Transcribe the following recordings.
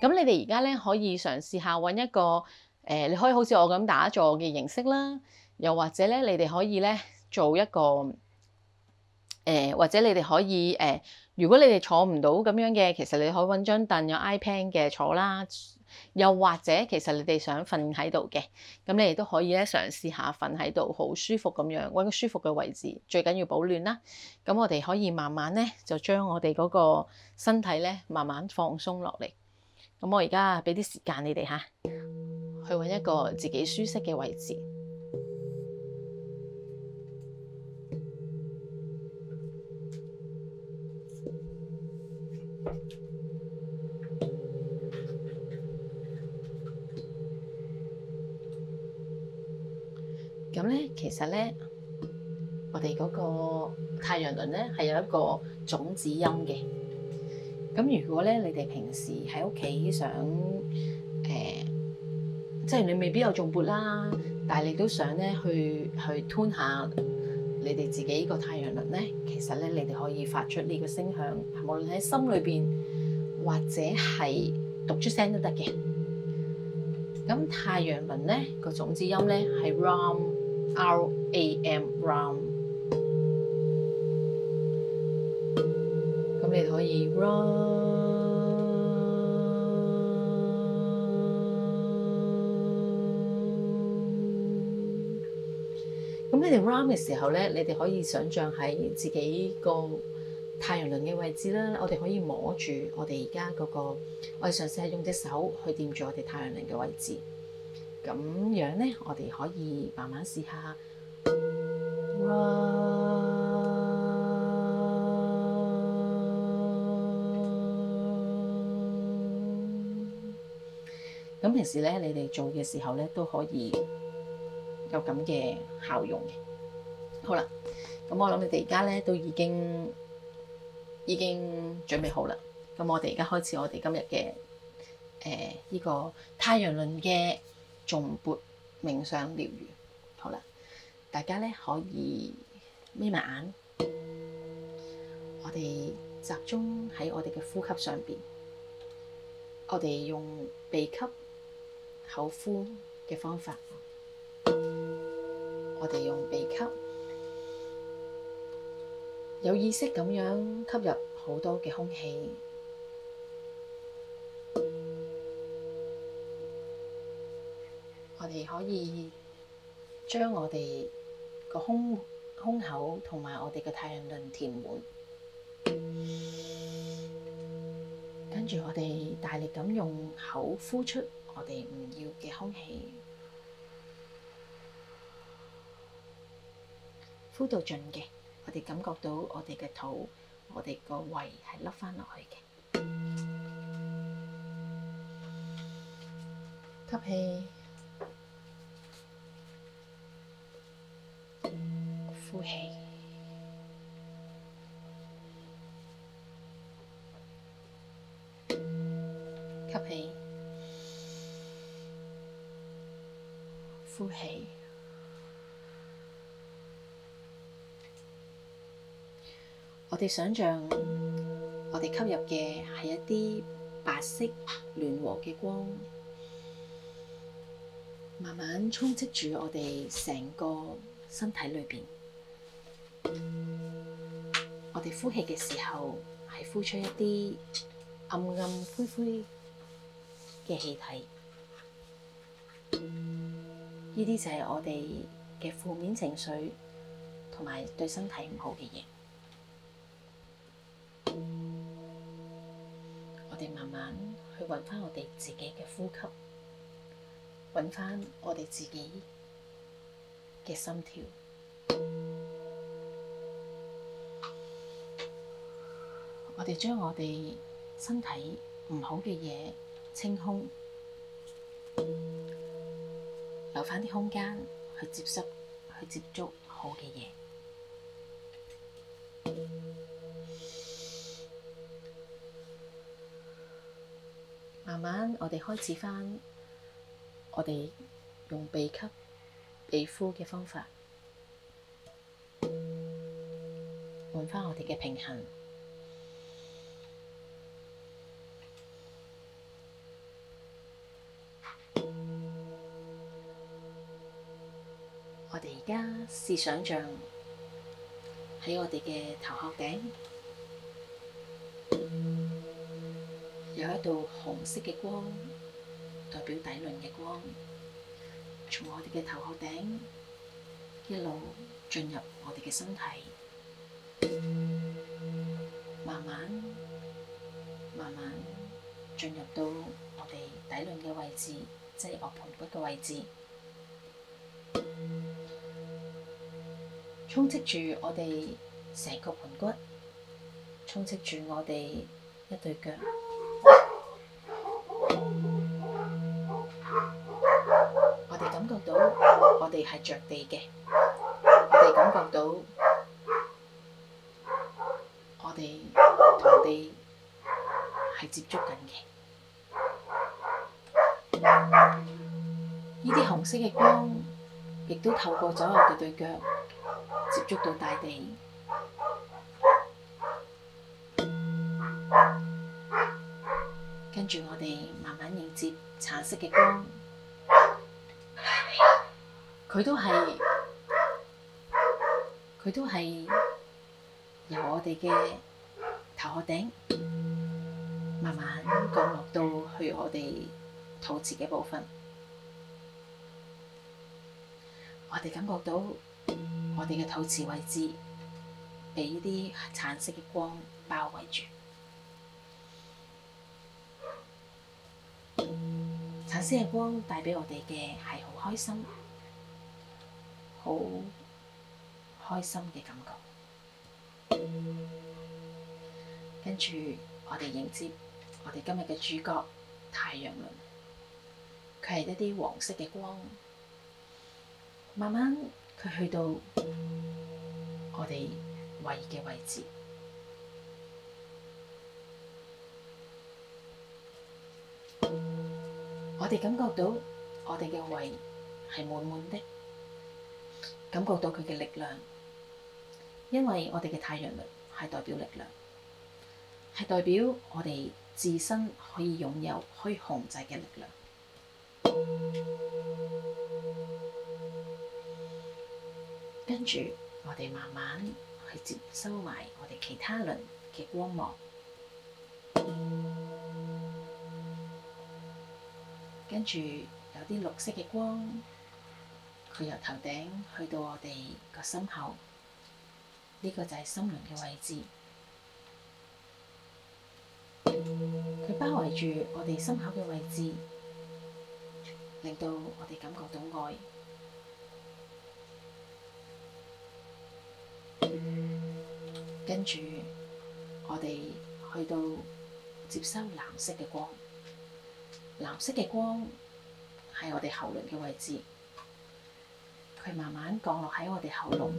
咁你哋而家咧可以嘗試下揾一個誒、呃，你可以好似我咁打坐嘅形式啦，又或者咧，你哋可以咧做一個誒、呃，或者你哋可以誒、呃。如果你哋坐唔到咁樣嘅，其實你可以揾張凳有 iPad 嘅坐啦。又或者其實你哋想瞓喺度嘅，咁你哋都可以咧嘗試下瞓喺度，好舒服咁樣揾個舒服嘅位置，最緊要保暖啦。咁我哋可以慢慢咧就將我哋嗰個身體咧慢慢放鬆落嚟。咁我而家俾啲時間你哋吓，去揾一個自己舒適嘅位置。咁呢，其實呢，我哋嗰個太陽輪呢，係有一個種子音嘅。咁如果咧，你哋平時喺屋企想誒、呃，即係你未必有頌缽啦，但係你都想咧去去 turn 下你哋自己依個太陽輪咧，其實咧你哋可以發出呢個聲響，無論喺心裏邊或者係讀出聲都得嘅。咁太陽輪咧、個種子音咧係 RAM, R A M R A M。咁你可以 rum，咁你哋 rum 嘅時候咧，你哋可以想像喺自己個太陽輪嘅位置啦。我哋可以摸住我哋而家嗰個，我哋嘗試係用隻手去掂住我哋太陽輪嘅位置。咁樣咧，我哋可以慢慢試下。咁平時咧，你哋做嘅時候咧，都可以有咁嘅效用嘅。好啦，咁我諗你哋而家咧都已經已經準備好啦。咁我哋而家開始我哋今日嘅誒呢個太陽輪嘅頌缽冥想療癒。好啦，大家咧可以眯埋眼，我哋集中喺我哋嘅呼吸上邊，我哋用鼻吸口呼嘅方法，我哋用鼻吸，有意識咁樣吸入好多嘅空氣。我哋可以將我哋個胸，胸口同埋我哋嘅太陽輪填滿，跟住我哋大力咁用口呼出。我哋唔要嘅空氣呼到盡嘅，我哋感覺到我哋嘅肚，我哋個胃係凹翻落去嘅，吸氣，呼氣。呼氣，我哋想象我哋吸入嘅係一啲白色暖和嘅光，慢慢充斥住我哋成個身體裏面。我哋呼氣嘅時候，係呼出一啲暗暗灰灰嘅氣體。呢啲就係我哋嘅負面情緒，同埋對身體唔好嘅嘢。我哋慢慢去揾翻我哋自己嘅呼吸，揾翻我哋自己嘅心跳。我哋將我哋身體唔好嘅嘢清空。留翻啲空間去接收、去接觸好嘅嘢。慢慢，我哋開始翻，我哋用鼻吸鼻呼嘅方法，換翻我哋嘅平衡。而家試想像喺我哋嘅頭殼頂，有一道紅色嘅光，代表底輪嘅光，從我哋嘅頭殼頂一路進入我哋嘅身體，慢慢、慢慢進入到我哋底輪嘅位置，即係我盆骨嘅位置。充斥住我哋成個盆骨，充斥住我哋一對腳，我哋感覺到我哋係着地嘅，我哋感覺到我哋同土地係接觸緊嘅，呢、嗯、啲紅色嘅光亦都透過咗我哋對腳。捉到大地，跟住我哋慢慢迎接橙色嘅光，佢都係，佢都係由我哋嘅頭殼頂慢慢降落到去我哋肚臍嘅部分，我哋感覺到。我哋嘅肚臍位置俾啲橙色嘅光包圍住，橙色嘅光帶畀我哋嘅係好開心、好開心嘅感覺。跟住我哋迎接我哋今日嘅主角太陽輪，佢係一啲黃色嘅光，慢慢。佢去到我哋胃嘅位置，我哋感覺到我哋嘅胃係滿滿的，感覺到佢嘅力量，因為我哋嘅太陽輪係代表力量，係代表我哋自身可以擁有、可以控制嘅力量。跟住，我哋慢慢去接收埋我哋其他輪嘅光芒。跟住有啲綠色嘅光，佢由頭頂去到我哋個心口，呢個就係心輪嘅位置。佢包圍住我哋心口嘅位置，令到我哋感覺到愛。跟住，我哋去到接收藍色嘅光，藍色嘅光係我哋喉嚨嘅位置，佢慢慢降落喺我哋喉嚨，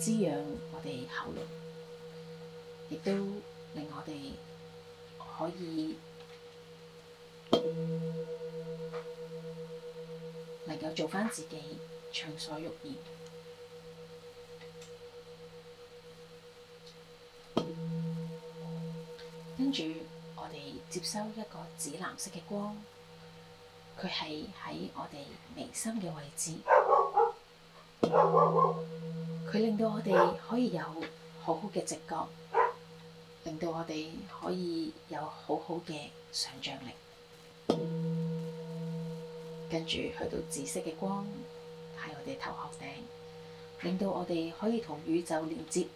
滋養我哋喉嚨，亦都令我哋可以、嗯、能夠做返自己，暢所欲言。跟住，我哋接收一個紫藍色嘅光，佢係喺我哋眉心嘅位置，佢令到我哋可以有好好嘅直覺，令到我哋可以有好好嘅想象力。跟住去到紫色嘅光喺我哋頭殼頂，令到我哋可以同宇宙連接。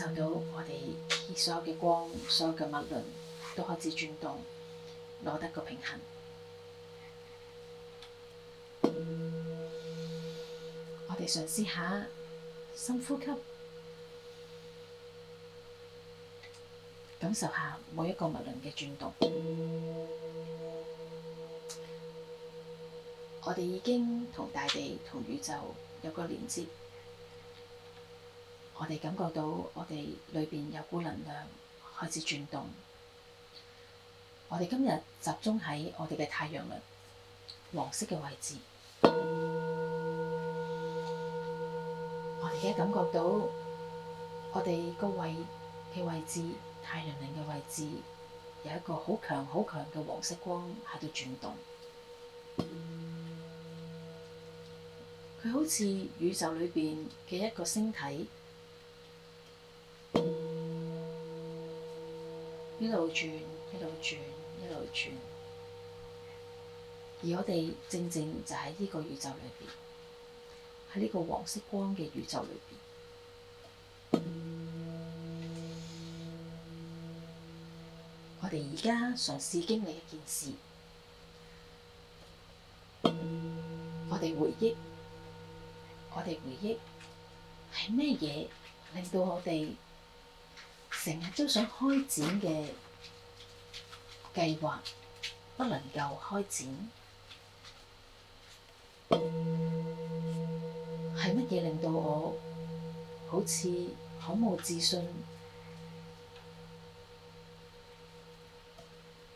感受到我哋所有嘅光，所有嘅物輪都開始轉動，攞得個平衡。我哋嘗試下深呼吸，感受下每一個物輪嘅轉動。我哋已經同大地、同宇宙有個連接。我哋感覺到我哋裏邊有股能量開始轉動。我哋今日集中喺我哋嘅太陽輪黃色嘅位置。我哋而家感覺到我哋個位嘅位置，太陽輪嘅位置有一個好強、好強嘅黃色光喺度轉動。佢好似宇宙裏邊嘅一個星體。一路轉，一路轉，一路轉。而我哋正正就喺呢個宇宙裏邊，喺呢個黃色光嘅宇宙裏邊，我哋而家嘗試經歷一件事。我哋回憶，我哋回憶係咩嘢令到我哋？成日都想開展嘅計劃不能夠開展，係乜嘢令到我好似好冇自信？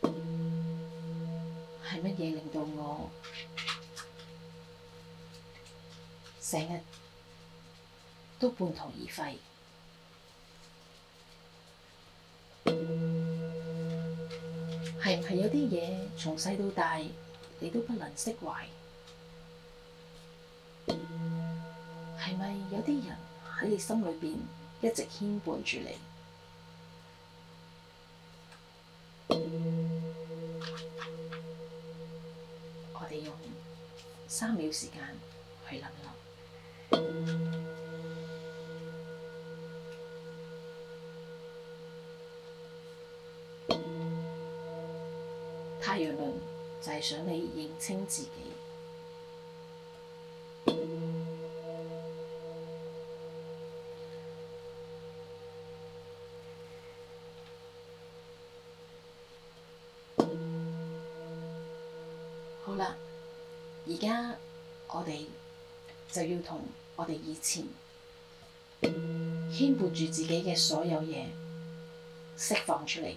係乜嘢令到我成日都半途而廢？係唔係有啲嘢從細到大你都不能釋懷？係咪有啲人喺你心裏邊一直牽絆住你？我哋用三秒時間去諗一諗。就係想你認清自己好。好啦，而家我哋就要同我哋以前牽絆住自己嘅所有嘢釋放出嚟，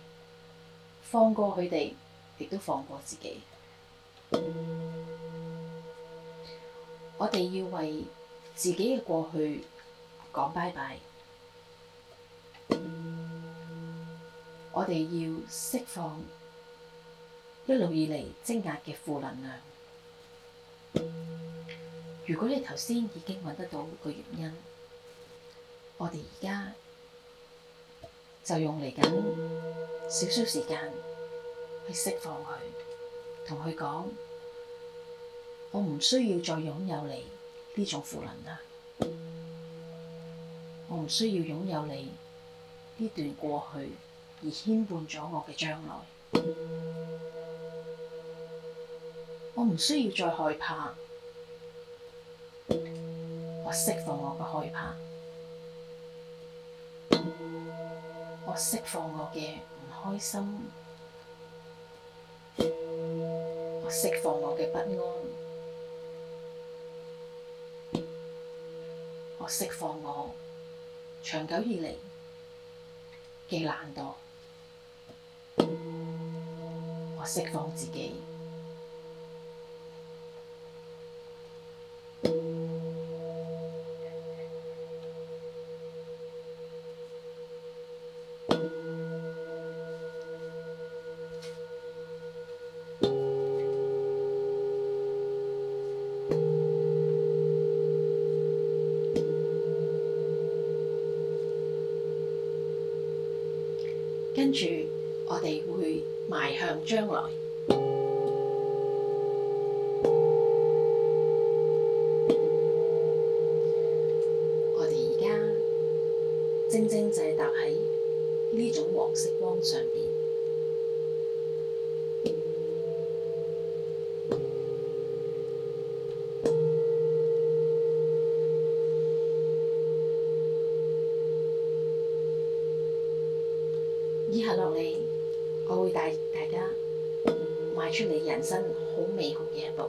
放過佢哋，亦都放過自己。我哋要為自己嘅過去講拜拜，我哋要釋放一路以嚟積壓嘅負能量。如果你頭先已經揾得到個原因，我哋而家就用嚟緊少少時間去釋放佢，同佢講。我唔需要再擁有你呢種負能量，我唔需要擁有你呢段過去而牽絆咗我嘅將來。我唔需要再害怕，我釋放我嘅害怕，我釋放我嘅唔開心，我釋放我嘅不安。我釋放我，長久以嚟嘅懶惰，我釋放自己。跟住，我哋會邁向將來。接落嚟，我會帶大家邁、嗯、出你人生好美好嘅一步。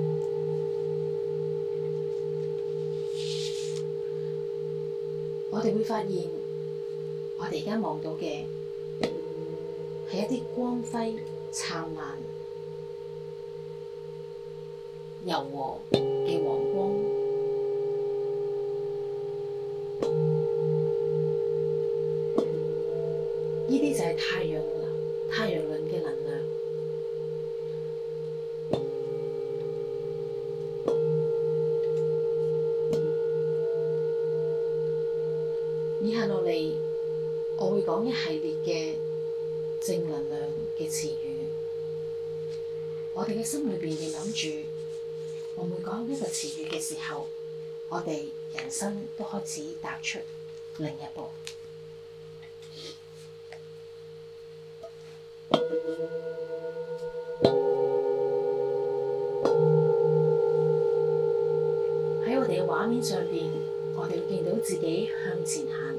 我哋會發現，我哋而家望到嘅係、嗯、一啲光輝、燦爛、柔和。呢就係太陽輪，太陽輪嘅能量。嗯嗯、以下落嚟，我會講一系列嘅正能量嘅詞語。我哋嘅心裏邊亦諗住，我每講一個詞語嘅時候，我哋人生都開始踏出另一步。畫面上面，我哋見到自己向前行，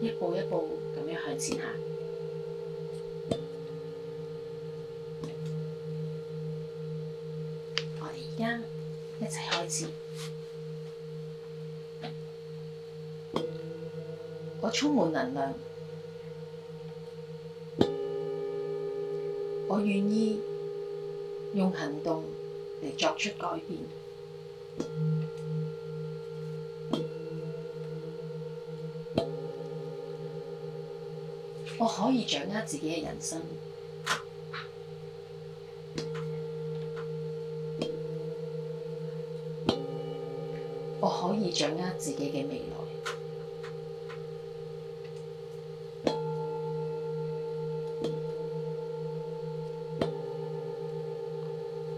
一步一步咁樣向前行。我哋而家一齊開始。我充滿能量，我願意用行動嚟作出改變。我可以掌握自己嘅人生，我可以掌握自己嘅未來，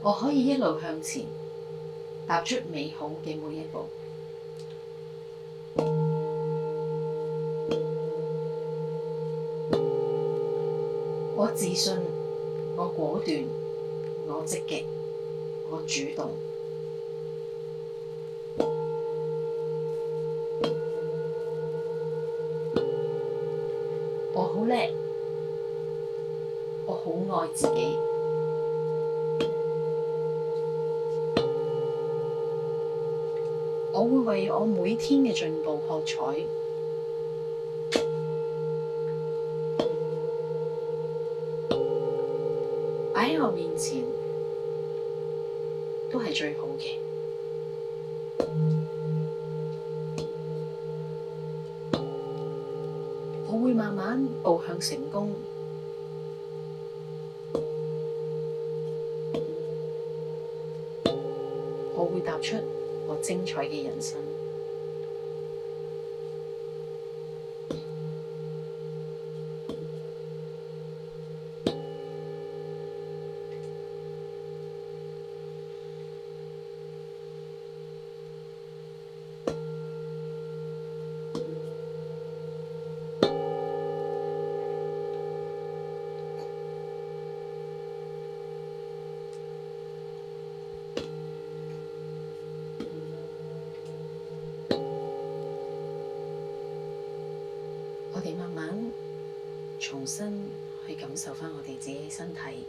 我可以一路向前，踏出美好嘅每一步。我我好叻，我好愛自己，我會為我每天嘅進步喝彩。我面前都係最好嘅，我會慢慢步向成功，我會踏出我精彩嘅人生。我哋慢慢重新去感受翻我哋自己身體，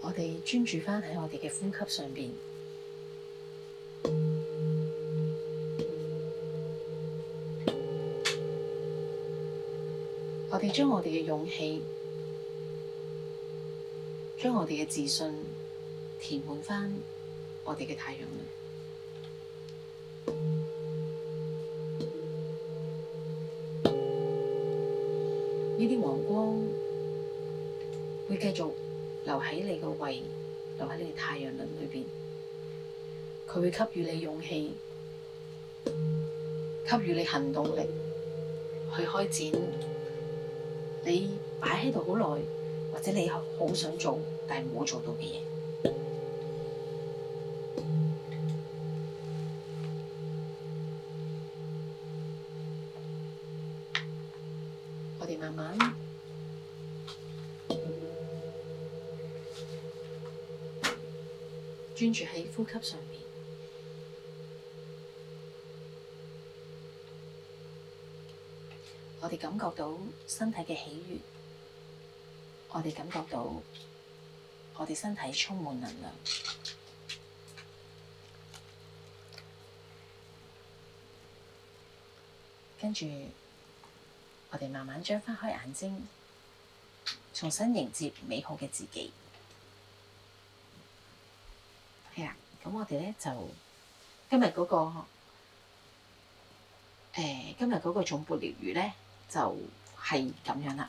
我哋專注翻喺我哋嘅呼吸上邊，我哋將我哋嘅勇氣，將我哋嘅自信填滿翻我哋嘅太陽。呢啲黃光會繼續留喺你個胃，留喺你嘅太陽輪裏面。佢會給予你勇氣，給予你行動力，去開展你擺喺度好耐，或者你好想做但係冇做到嘅嘢。我哋感覺到身體嘅喜悅，我哋感覺到我哋身體充滿能量，跟住我哋慢慢張翻開眼睛，重新迎接美好嘅自己，係啊。咁我哋咧就今日嗰、那個誒、呃、今日嗰個頌缽療癒咧就係、是、咁樣啦。